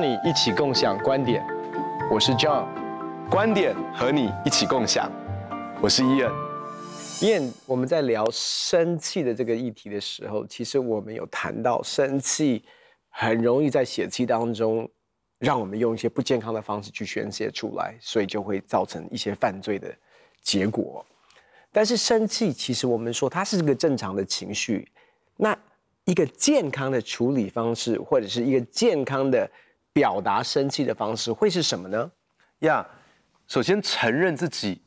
你一起共享觀點，我是 John，觀點和你一起共享，我是伊恩。伊恩，我們在聊生氣的這個議題的時候，其實我們有談到，生氣很容易在血氣當中，讓我們用一些不健康的方式去宣洩出來，所以就會造成一些犯罪的結果。但是生氣，其實我們說它是一個正常的情緒，那一個健康的處理方式，或者是一個健康的。表達生氣的方式會是什麼呢？呀，yeah, 首先承認自己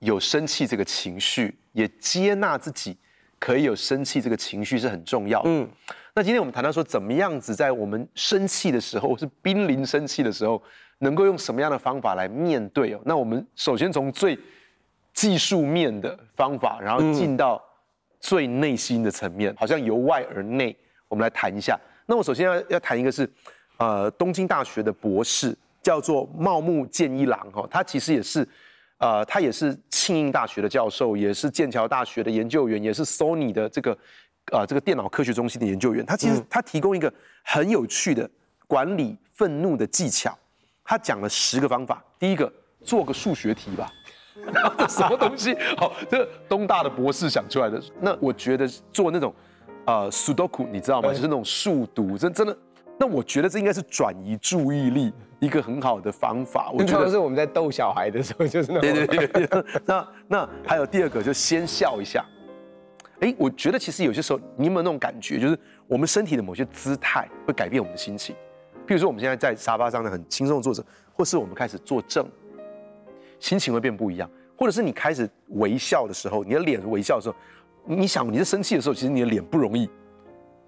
有生氣這個情緒，也接納自己可以有生氣這個情緒是很重要的。嗯，那今天我們談到說，怎麼樣子在我們生氣的時候，是瀕臨生氣的時候，能夠用什麼樣的方法來面對哦？那我們首先從最技術面的方法，然後進到最內心的層面，嗯，好像由外而內，我們來談一下。那我首先要要談一個是。呃，東京大學的博士叫做茂木健一郎哈，他、哦、其實也是，呃，他也是慶應大學的教授，也是劍橋大學的研究員，也是 Sony 的這個，呃，這個電腦科學中心的研究員。他其實他、嗯、提供一個很有趣的管理憤怒的技巧，他講了十個方法。第一個，做個數學題吧， 這什麼東西？好，這個、東大的博士想出來的。那我覺得做那種，呃 Sudoku 你知道嗎？對就是那種數獨，真真的。那我覺得這應該是轉移注意力一個很好的方法。嗯，我覺得是我們在逗小孩的時候，就是那麼。對，對對對。 那那還有第二個，就先笑一下。哎，我覺得其實有些時候，你有沒有那種感覺，就是我們身體的某些姿態會改變我們的心情。比如說我們現在在沙發上的很輕鬆的坐着，或是我們開始坐正，心情會變不一樣。或者是你開始微笑的時候，你的臉微笑的時候，你想你在生氣的時候，其實你的臉不容易。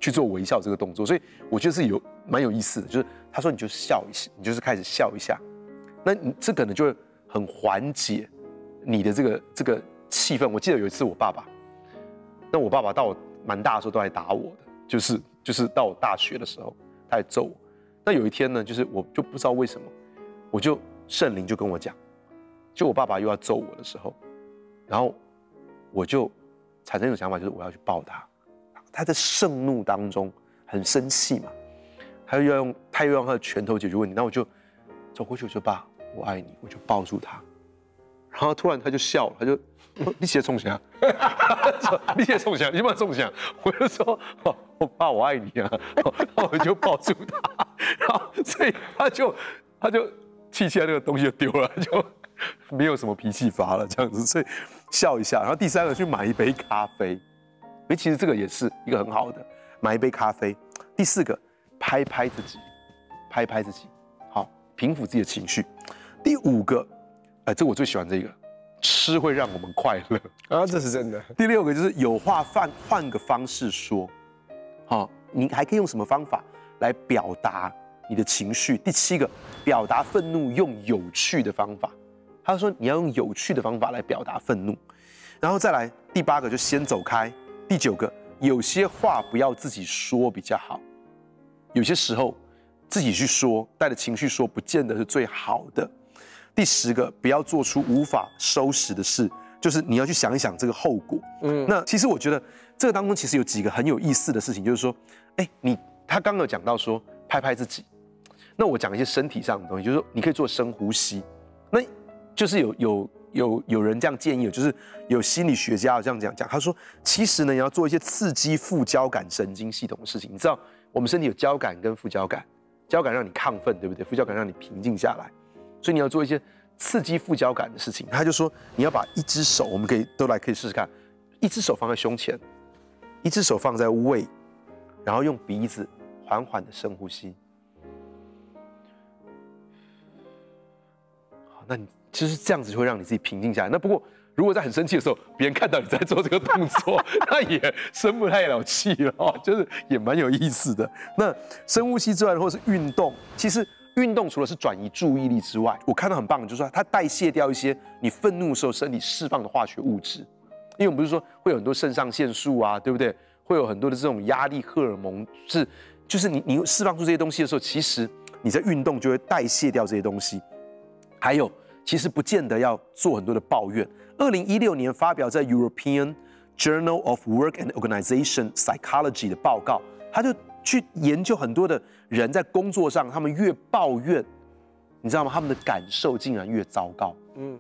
去做微笑這個動作，所以我覺得是有蠻有意思的。就是他說，你就笑一下，你就是開始笑一下，那你這可能就會很緩解你的這個這個氣氛。我記得有一次我爸爸，那我爸爸到我蠻大的時候都來打我的，就是就是到我大學的時候他來揍我。那有一天呢，就是我就不知道為什麼，我就聖靈就跟我講，就我爸爸又要揍我的時候，然後我就產生一種想法，就是我要去抱他。他在盛怒當中很生氣嘛，他又要用，他又用他的拳頭解決問題。那我就走過去，我就說：“爸，我愛你。”我就抱住他，然後突然他就笑了，他就：“你也在中獎？”“哈哈哈你也在中你先沒有中。”我就說：“我爸，我愛你啊！”那我就抱住他，然後所以他就他就氣起來那個東西就丟了，就沒有什麼脾氣發了這樣子，所以笑一下。然後第三個去買一杯咖啡。哎，其實這個也是一個很好的，買一杯咖啡。第四個，拍拍自己，拍拍自己，好，平復自己的情緒。第五個，哎、欸，這我最喜歡這個，吃會讓我們快樂啊，這是真的。第六個就是有話換換個方式說，好，你還可以用什麼方法來表達你的情緒？第七個，表達憤怒用有趣的方法。他說你要用有趣的方法來表達憤怒，然後再來第八個就先走開。第九個，有些話不要自己說比較好，有些時候自己去說，帶着情緒說，不見得是最好的。第十個，不要做出無法收拾的事，就是你要去想一想這個後果。嗯，那其實我覺得這個當中其實有幾個很有意思的事情，就是說，哎，你他剛剛有講到說拍拍自己，那我講一些身體上的東西，就是說你可以做深呼吸，那就是有有。有有人這樣建議，就是有心理學家這樣這樣講，他說，其實呢，你要做一些刺激副交感神經系統的事情。你知道，我們身體有交感跟副交感，交感讓你亢奮，對不對？副交感讓你平靜下來，所以你要做一些刺激副交感的事情。他就說，你要把一隻手，我們可以都來可以試試看，一隻手放在胸前，一隻手放在胃，然後用鼻子緩緩的深呼吸。好，那你。其實這樣子就會讓你自己平靜下來。那不過，如果在很生氣的時候，別人看到你在做這個動作， 那也生不太了氣了，就是也蠻有意思的。那深呼吸之外，或者是運動，其實運動除了是轉移注意力之外，我看到很棒，就是說它代謝掉一些你憤怒的時候身體釋放的化學物質。因為我們不是說會有很多腎上腺素啊，對不對？會有很多的這種壓力荷爾蒙是，就是你你釋放出這些東西的時候，其實你在運動就會代謝掉這些東西，還有。其實不見得要做很多的抱怨。二零一六年發表在《European Journal of Work and Organization Psychology》的報告，他就去研究很多的人在工作上，他們越抱怨，你知道嗎？他們的感受竟然越糟糕。嗯，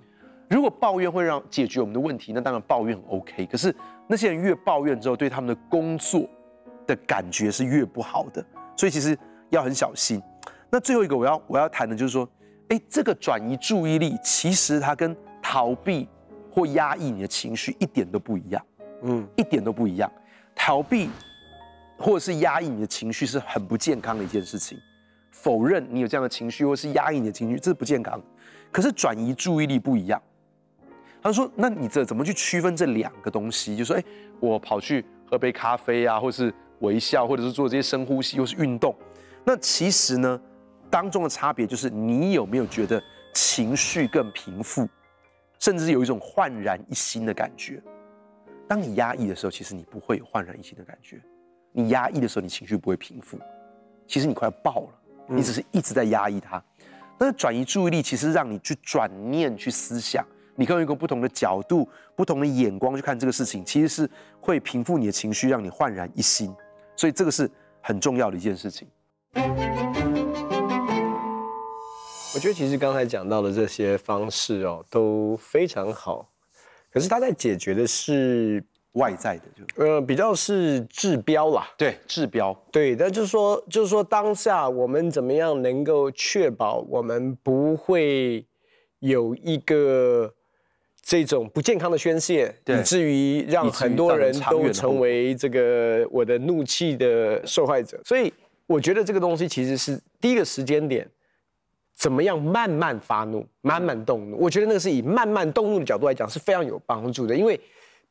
如果抱怨會讓解決我們的問題，那當然抱怨很 OK。可是那些人越抱怨之後，對他們的工作的感覺是越不好的，所以其實要很小心。那最後一個我要我要談的就是說。哎，這個轉移注意力，其實它跟逃避或壓抑你的情緒一點都不一樣，嗯，一點都不一樣。逃避或者是壓抑你的情緒是很不健康的一件事情，否認你有這樣的情緒，或是壓抑你的情緒，這是不健康。可是轉移注意力不一樣。他說：“那你這怎麼去區分這兩個東西？”就說：“哎，我跑去喝杯咖啡啊，或是微笑，或者是做這些深呼吸，又是運動。那其實呢？”當中的差別就是，你有沒有覺得情緒更平復，甚至有一種煥然一新的感覺？當你壓抑的時候，其實你不會有煥然一新的感覺。你壓抑的時候，你情緒不會平復，其實你快要爆了。你只是一直在壓抑它。但是轉移注意力，其實讓你去轉念、去思想，你可以用一個不同的角度、不同的眼光去看這個事情，其實是會平復你的情緒，讓你煥然一新。所以這個是很重要的一件事情。我覺得其實剛才講到的這些方式哦都非常好，可是它在解決的是外在的，就是，就呃比較是治標啦，對，治標。對，但就是說，就是說當下我們怎麼樣能夠確保我們不會有一個這種不健康的宣泄，對以至於讓很多人都成為這個我的怒氣的受害者。所以我覺得這個東西其實是第一個時間點。怎麼樣慢慢發怒，慢慢動怒？我覺得那個是以慢慢動怒的角度來講是非常有幫助的，因為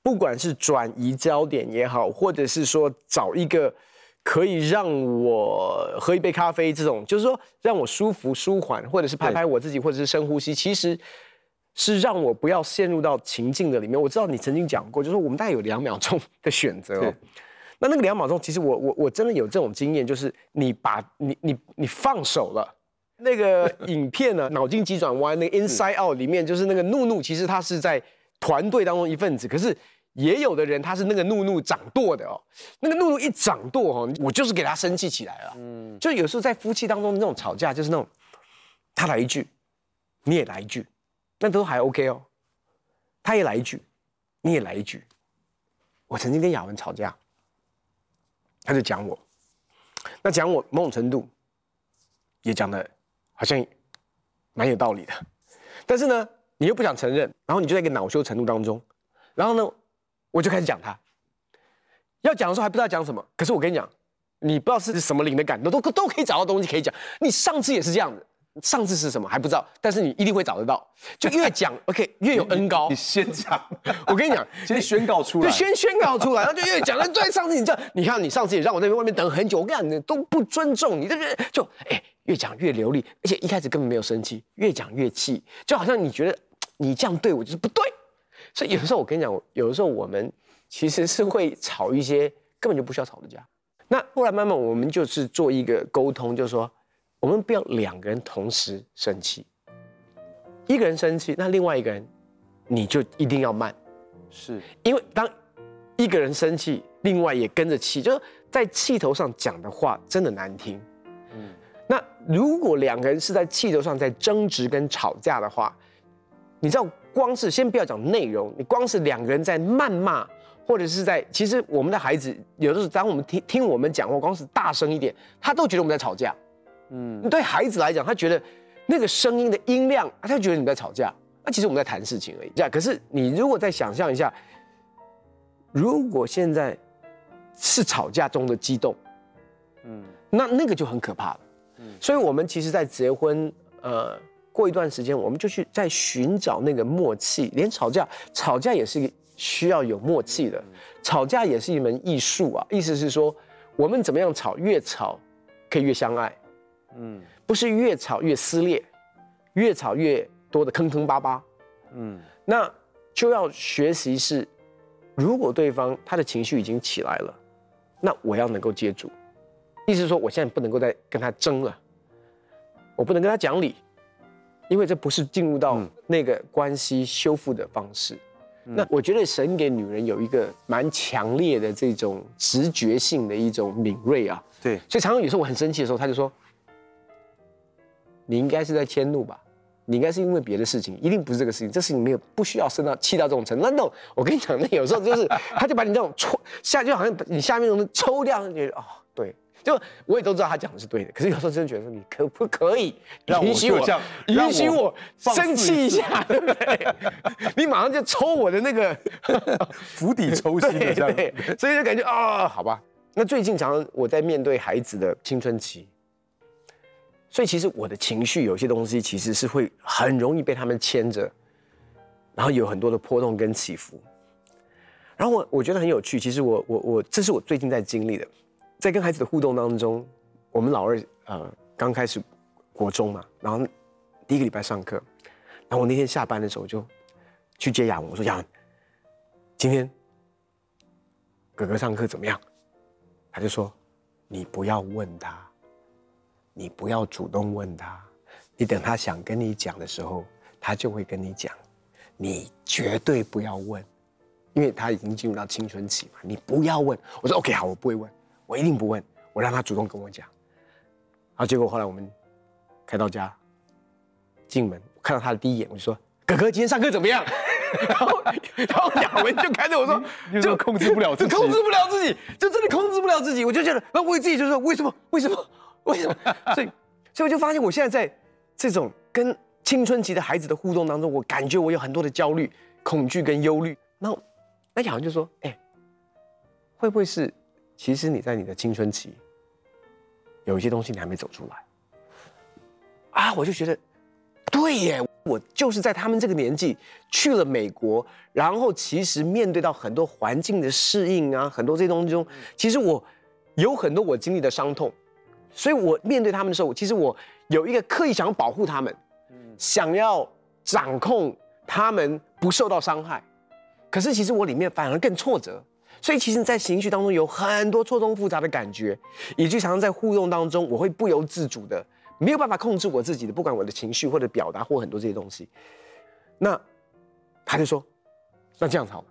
不管是轉移焦點也好，或者是說找一個可以讓我喝一杯咖啡這種，就是說讓我舒服舒緩，或者是拍拍我自己，對或者是深呼吸，其實是讓我不要陷入到情境的裡面。我知道你曾經講過，就是我們大概有兩秒鐘的選擇哦。對那那個兩秒鐘，其實我我我真的有這種經驗，就是你把你你你放手了。那個影片呢、啊？腦 筋急轉彎，那個、Inside Out 裡面就是那個怒怒，其實他是在團隊當中一份子，可是也有的人他是那個怒怒掌舵的哦。那個怒怒一掌舵哦，我就是給他生氣起來了。嗯，就有時候在夫妻當中那種吵架，就是那種他來一句，你也來一句，那都還 OK 哦。他也來一句，你也來一句。我曾經跟亞文吵架，他就講我，那講我某種程度也講的。好像蠻有道理的，但是呢，你又不想承認，然後你就在一個惱羞成怒當中，然後呢，我就開始講他。要講的時候還不知道講什麼，可是我跟你講，你不知道是什麼靈的感覺，都都可以找到東西可以講。你上次也是這樣的，上次是什麼還不知道，但是你一定會找得到。就越講 ，OK，越有恩高你。你先講， 我跟你講，先宣告出來、欸，就先宣告出來， 然後就越講但對上次你這，你看你上次也讓我在外面等很久，我跟你講，你都不尊重你這個人，就哎。欸越講越流利，而且一開始根本沒有生氣，越講越氣，就好像你覺得你這樣對我就是不對，所以有的時候我跟你講，有的時候我們其實是會吵一些根本就不需要吵的架。那後來慢慢我們就是做一個溝通，就是說我們不要兩個人同時生氣，一個人生氣，那另外一個人你就一定要慢，是因為當一個人生氣，另外也跟着氣，就是在氣頭上講的話真的難聽。那如果兩個人是在氣頭上在爭執跟吵架的話，你知道，光是先不要講內容，你光是兩個人在謾罵，或者是在其實我們的孩子有的時候，當我們聽聽我們講話，光是大聲一點，他都覺得我們在吵架。嗯，對孩子來講，他覺得那個聲音的音量，他覺得你在吵架。那其實我們在談事情而已。這樣，可是你如果再想象一下，如果現在是吵架中的激動，嗯，那那個就很可怕了。所以，我們其實，在結婚，呃，過一段時間，我們就去在尋找那個默契。連吵架，吵架也是需要有默契的。嗯，吵架也是一門藝術啊。意思是說，我們怎麼樣吵，越吵可以越相愛，嗯，不是越吵越撕裂，越吵越多的坑坑巴巴，嗯，那就要學習是，如果對方他的情緒已經起來了，那我要能夠接住，意思是說，我現在不能夠再跟他爭了。我不能跟他講理，因為這不是進入到那個關係修復的方式。嗯、那我覺得神給女人有一個蠻強烈的這種直覺性的一種敏銳啊。對，所以常常有時候我很生氣的時候，他就說：“你應該是在遷怒吧？你應該是因為別的事情，一定不是這個事情。這事情沒有不需要生到氣到這種程度。那，那我跟你講，那有時候就是他 就把你這種戳，下就好像你下面那種抽掉。你覺得哦，對。”就我也都知道他講的是對的，可是有時候真的覺得說，你可不可以允許我，讓我允許我生氣一下，對不對？ 你馬上就抽我的那個釜底抽薪的這樣，所以就感覺啊、哦，好吧。那最近常常我在面對孩子的青春期，所以其實我的情緒有些東西其實是會很容易被他們牽着，然後有很多的波動跟起伏。然後我我覺得很有趣，其實我我我這是我最近在經歷的。在跟孩子的互動當中，我們老二呃，剛開始國中嘛，然後第一個禮拜上課，然後我那天下班的時候就去接雅文，我說雅文，今天哥哥上課怎麼樣？他就說，你不要問他，你不要主動問他，你等他想跟你講的時候，他就會跟你講，你絕對不要問，因為他已經進入到青春期嘛，你不要問。我說 OK 好，我不會問。我一定不問，我讓他主動跟我講。然後結果後來我們開到家，進門我看到他的第一眼，我就說：“哥哥，今天上課怎麼樣？” 然後然後亞文就看着我說：“你就說，就控制不了自己，控制不了自己，就真的控制不了自己。”我就覺得，然後我自己就說：“為什麼？為什麼？為什麼？”所以所以我就發現，我現在在這種跟青春期的孩子的互動當中，我感覺我有很多的焦慮、恐懼跟憂慮。然後那那亞文就說：“哎，會不會是？”其實你在你的青春期，有一些東西你還沒走出來，啊，我就覺得，對耶，我就是在他們這個年紀去了美國，然後其實面對到很多環境的適應啊，很多這些東西中，其實我有很多我經歷的傷痛，所以我面對他們的時候，其實我有一個刻意想要保護他們，想要掌控他們不受到傷害，可是其實我裡面反而更挫折。所以其實，在情緒當中有很多錯綜複雜的感覺，以及常常在互動當中，我會不由自主的，沒有辦法控制我自己的，不管我的情緒或者表達或很多這些東西。那他就說，那這樣子好了，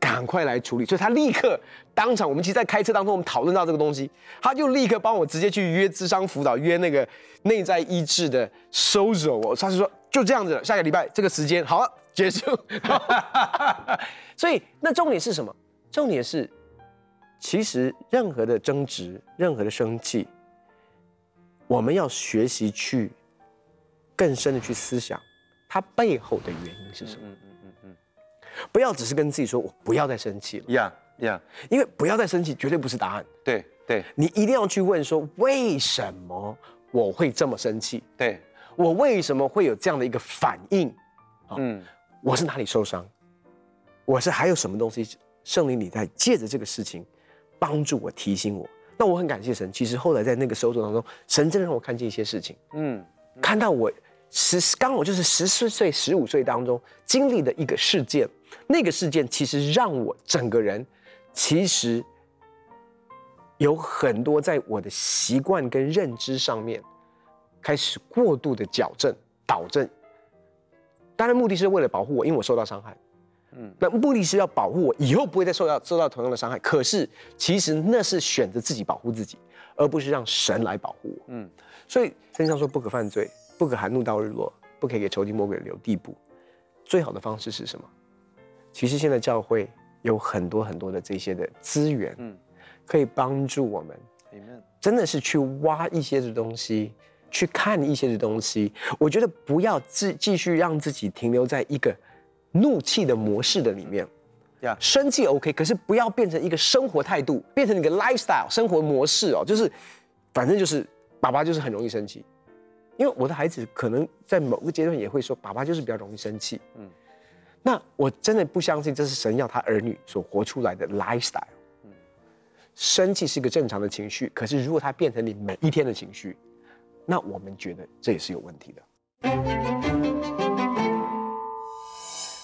趕快來處理。所以他立刻當場，我們其實，在開車當中，我們討論到這個東西，他就立刻幫我直接去約諮商輔導，約那個內在意志的 social。我他是說就這樣子了，下個禮拜這個時間，好了，結束。 所以那重點是什麼？重點是，其實任何的爭執、任何的生氣，我們要學習去更深的去思想，它背後的原因是什麼？嗯嗯嗯嗯，不要只是跟自己說“我不要再生氣了”嗯。嗯，因為不要再生氣，絕對不是答案。對對，對你一定要去問說：為什麼我會這麼生氣？對，我為什麼會有這樣的一個反應？嗯，我是哪裡受傷？我是還有什麼東西？聖靈，你在借着這個事情幫助我、提醒我。那我很感謝神。其實後來在那個搜索當中，神真的讓我看見一些事情。嗯，嗯，看到我十剛，剛，我就是十四歲、十五歲當中經歷的一個事件。那個事件其實讓我整個人其實有很多在我的習慣跟認知上面開始過度的矯正、導正。當然，目的是為了保護我，因為我受到傷害。嗯，那目的是要保護我以後不會再受到受到同樣的傷害。可是其實那是選擇自己保護自己，而不是讓神來保護我。嗯，所以聖經上說不可犯罪，不可含怒到日落，不可以給仇敵魔鬼留地步。最好的方式是什麼？其實現在教會有很多很多的這些的資源，嗯，可以幫助我們。嗯，真的是去挖一些的東西，去看一些的東西。我覺得不要繼續讓自己停留在一個。怒氣的模式的裡面，呀，Yeah. 生氣 OK，可是不要變成一個生活態度，變成一個 lifestyle 生活模式哦，就是，反正就是爸爸就是很容易生氣，因為我的孩子可能在某個階段也會說，爸爸就是比較容易生氣，嗯、mm，hmm. 那我真的不相信這是神要他兒女所活出來的 lifestyle，嗯，mm hmm. 生氣是一個正常的情緒，可是如果它變成你每一天的情緒，那我們覺得這也是有問題的。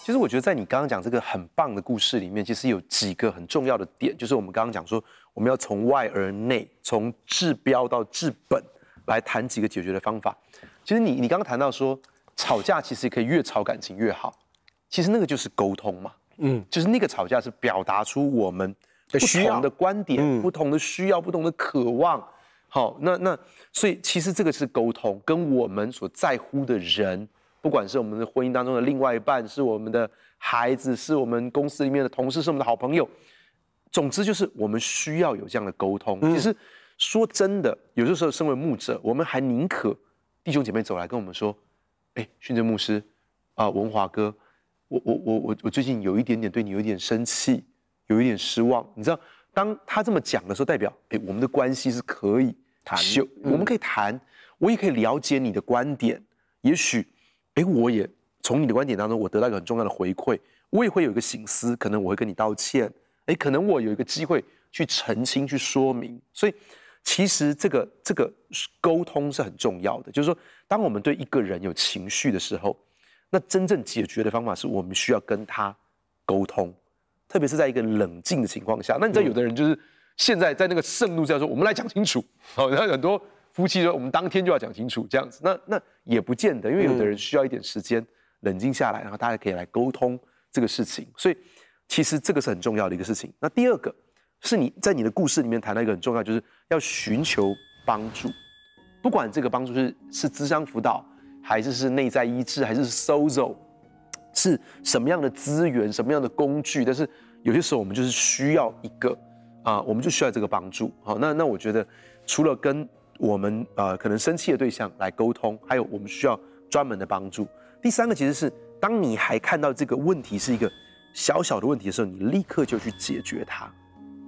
其實我覺得，在你剛剛講這個很棒的故事裡面，其實有幾個很重要的點，就是我們剛剛講說，我們要從外而內，從治標到治本，來談幾個解決的方法。其實你你剛剛談到說，吵架其實可以越吵感情越好，其實那個就是溝通嘛，嗯，就是那個吵架是表達出我們不同的觀點、需要嗯、不同的需要、不同的渴望。好，那那所以其實這個是溝通，跟我們所在乎的人。不管是我們的婚姻當中的另外一半，是我們的孩子，是我們公司裡面的同事，是我們的好朋友。總之，就是我們需要有這樣的溝通。嗯、其實說真的，有的時候身為牧者，我們還寧可弟兄姐妹走來跟我們說：“哎，訓正牧師，啊、呃、文華哥，我我我我我最近有一點點對你有一點生氣，有一點失望。”你知道，當他這麼講的時候，代表誒我們的關係是可以談的，嗯、我們可以談，我也可以了解你的觀點，也許。哎，我也從你的觀點當中，我得到一個很重要的回饋。我也會有一個省思，可能我會跟你道歉。哎，可能我有一個機會去澄清，去說明。所以，其實這個這個溝通是很重要的。就是說，當我們對一個人有情緒的時候，那真正解決的方法是我們需要跟他溝通，特別是在一個冷靜的情況下。那你知道，有的人就是現在在那個盛怒之下說：“我們來講清楚。”好，然後很多。夫妻說：“我們當天就要講清楚，這樣子，那那也不見得，因為有的人需要一點時間冷靜下來，嗯、然後大家可以來溝通這個事情。所以，其實這個是很重要的一個事情。那第二個是你，你在你的故事裡面談到一個很重要，就是要尋求幫助，不管這個幫助、就是是諮商輔導，還是是內在醫治，還是、是 SOZO，是什麼樣的資源、什麼樣的工具，但是有些時候我們就是需要一個啊，我們就需要這個幫助。好，那那我覺得除了跟我們呃，可能生氣的對象來溝通，還有我們需要專門的幫助。第三個其實是，當你還看到這個問題是一個小小的問題的時候，你立刻就去解決它。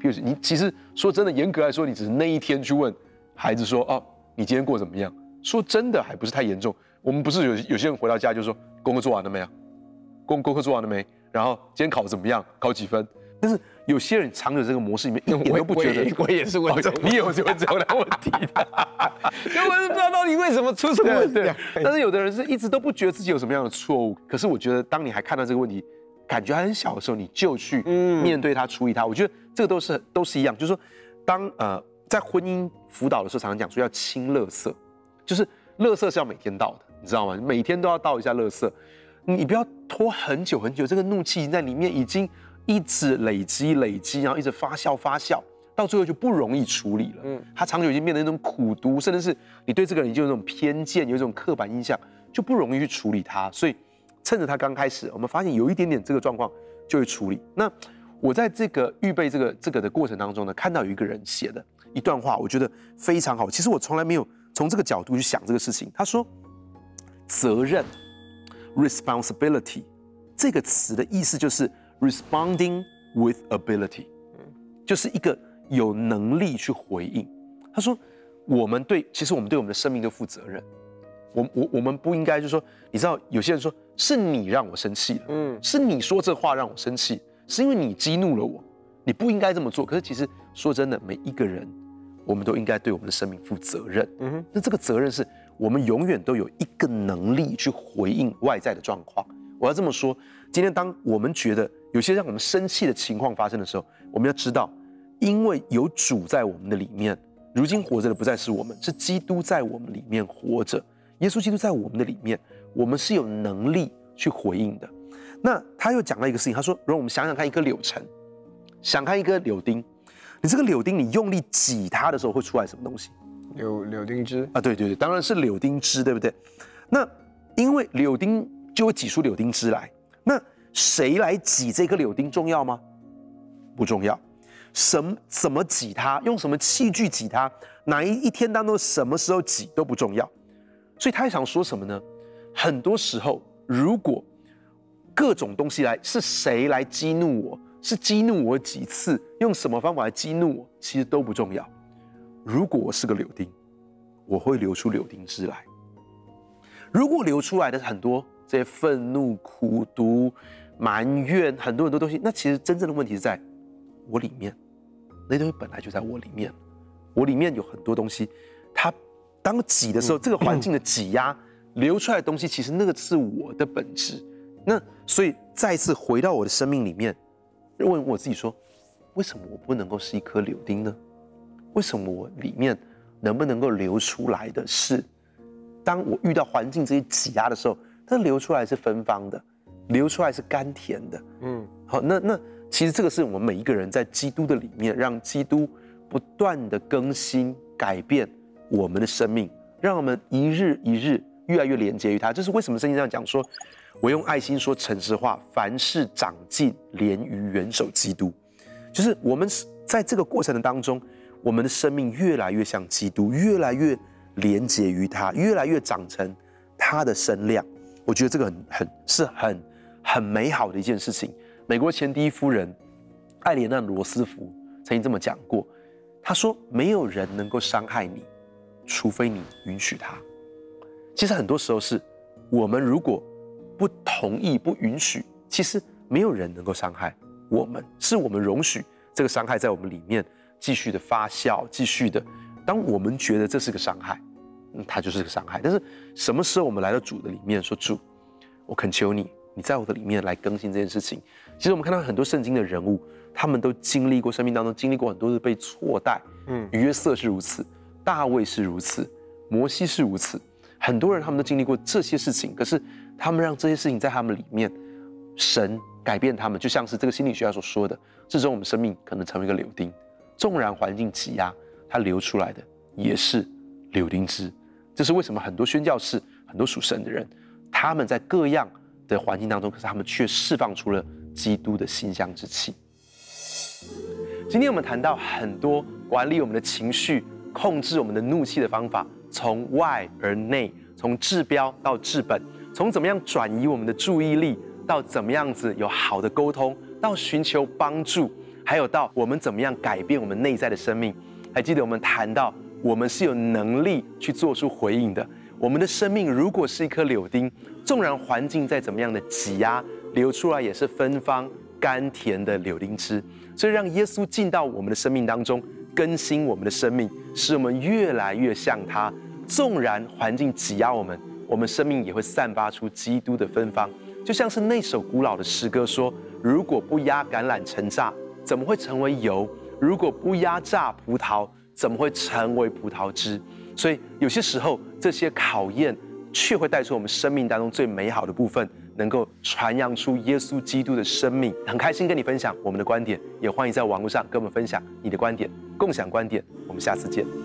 譬如你其實說真的，嚴格來說，你只是那一天去問孩子說：“哦，你今天過得怎麼樣？”說真的，還不是太嚴重。我們不是有有些人回到家就說：“功課做完了沒有？工功課做完了沒？然後今天考怎麼樣？考幾分？”但是。有些人藏在這個模式裡面，我都不覺得，我，我也是會找、哦，你也是會找那問題的， 因為我是不知道到底為什麼出什麼問題。但是有的人是一直都不覺得自己有什麼樣的錯誤，對可是我覺得當你還看到這個問題，感覺還很小的時候，你就去面對它、處理它。嗯、我覺得這個都是都是一樣，就是說，當呃在婚姻輔導的時候，常常講說要清垃圾，就是垃圾是要每天倒的，你知道嗎？每天都要倒一下垃圾，你不要拖很久很久，這個怒氣在裡面已經。一直累積累積，然後一直發酵發酵，到最後就不容易處理了。嗯，他長久已經變得那種苦毒，甚至是你對這個人就有那種偏見，有一種刻板印象，就不容易去處理他。所以，趁着他剛開始，我們發現有一點點這個狀況，就會處理。那我在這個預備這個這個的過程當中呢，看到有一個人寫的一段話，我覺得非常好。其實我從來沒有從這個角度去想這個事情。他說，責任 （responsibility） 這個詞的意思就是。responding with ability，嗯，就是一個有能力去回應。他說：“我們對，其實我們對我們的生命就負責任。我我我們不應該，就是說，你知道，有些人說，是你讓我生氣了，嗯，是你說這話讓我生氣，是因為你激怒了我，你不應該這麼做。可是，其實說真的，每一個人，我們都應該對我們的生命負責任。嗯哼，那這個責任是，我們永遠都有一個能力去回應外在的狀況。我要這麼說，今天當我們覺得。有些讓我們生氣的情況發生的時候，我們要知道，因為有主在我們的裡面，如今活着的不再是我們，是基督在我們裡面活着。耶穌基督在我們的裡面，我們是有能力去回應的。那他又講了一個事情，他說：“讓我們想想看，一顆柳橙，想看一顆柳丁。你這個柳丁，你用力擠它的時候，會出來什麼東西？柳柳丁汁啊？對對對，當然是柳丁汁，對不對？那因為柳丁就會擠出柳丁汁來。那誰來擠這個柳丁重要嗎？不重要。什麼怎麼擠它？用什麼器具擠它？哪一一天當中什麼時候擠都不重要。所以他想說什麼呢？很多時候，如果各種東西來，是誰來激怒我？是激怒我幾次？用什麼方法來激怒我？其實都不重要。如果我是個柳丁，我會流出柳丁汁來。如果流出來的很多，這些憤怒、苦毒。埋怨很多很多東西，那其實真正的問題是在我裡面，那東西本來就在我裡面。我裡面有很多東西，它當擠的時候，這個環境的擠壓流出來的東西，其實那個是我的本質。那所以再次回到我的生命裡面，問我自己說：為什麼我不能夠是一顆柳丁呢？為什麼我裡面能不能夠流出來的是，當我遇到環境這些擠壓的時候，它流出來是芬芳的？流出來是甘甜的，嗯，好，那那其實這個是我們每一個人在基督的裡面，讓基督不斷的更新、改變我們的生命，讓我們一日一日越來越連接於他。這是為什麼聖經上講說：“我用愛心說誠實話，凡事長進，連於元首基督。”就是我們在這個過程的當中，我們的生命越來越像基督，越來越連接於他，越來越長成他的身量。我覺得這個很很是很。很美好的一件事情。美國前第一夫人艾蓮娜·羅斯福曾經這麼講過，她說：“沒有人能夠傷害你，除非你允許他。”其實很多時候是，我們如果不同意、不允許，其實沒有人能夠傷害我們，是我們容許這個傷害在我們裡面繼續的發酵，繼續的。當我們覺得這是個傷害，那它就是個傷害。但是什麼時候我們來到主的裡面說：“主，我懇求你。”你在我的裡面來更新這件事情。其實我們看到很多聖經的人物，他們都經歷過生命當中經歷過很多的被錯待。嗯，約瑟是如此，大衛是如此，摩西是如此，很多人他們都經歷過這些事情。可是他們讓這些事情在他們裡面，神改變他們，就像是這個心理學家所說的，這種我們生命可能成為一個柳丁，縱然環境擠壓，它流出來的也是柳丁汁。這是為什麼很多宣教士、很多屬神的人，他們在各樣的環境當中，可是他們卻釋放出了基督的馨香之氣。今天我們談到很多管理我們的情緒、控制我們的怒氣的方法，從外而內，從治標到治本，從怎麼樣轉移我們的注意力，到怎麼樣子有好的溝通，到尋求幫助，還有到我們怎麼樣改變我們內在的生命。還記得我們談到，我們是有能力去做出回應的。我們的生命如果是一顆柳丁，縱然環境再怎麼樣的擠壓，流出來也是芬芳甘甜的柳丁汁。所以讓耶穌進到我們的生命當中，更新我們的生命，使我們越來越像他。縱然環境擠壓我們，我們生命也會散發出基督的芬芳。就像是那首古老的詩歌說：“如果不壓橄欖成渣，怎麼會成為油？如果不壓榨葡萄，怎麼會成為葡萄汁？”所以有些時候。這些考驗卻會帶出我們生命當中最美好的部分，能夠傳揚出耶穌基督的生命。很開心跟你分享我們的觀點，也歡迎在網絡上跟我們分享你的觀點，共享觀點。我們下次見。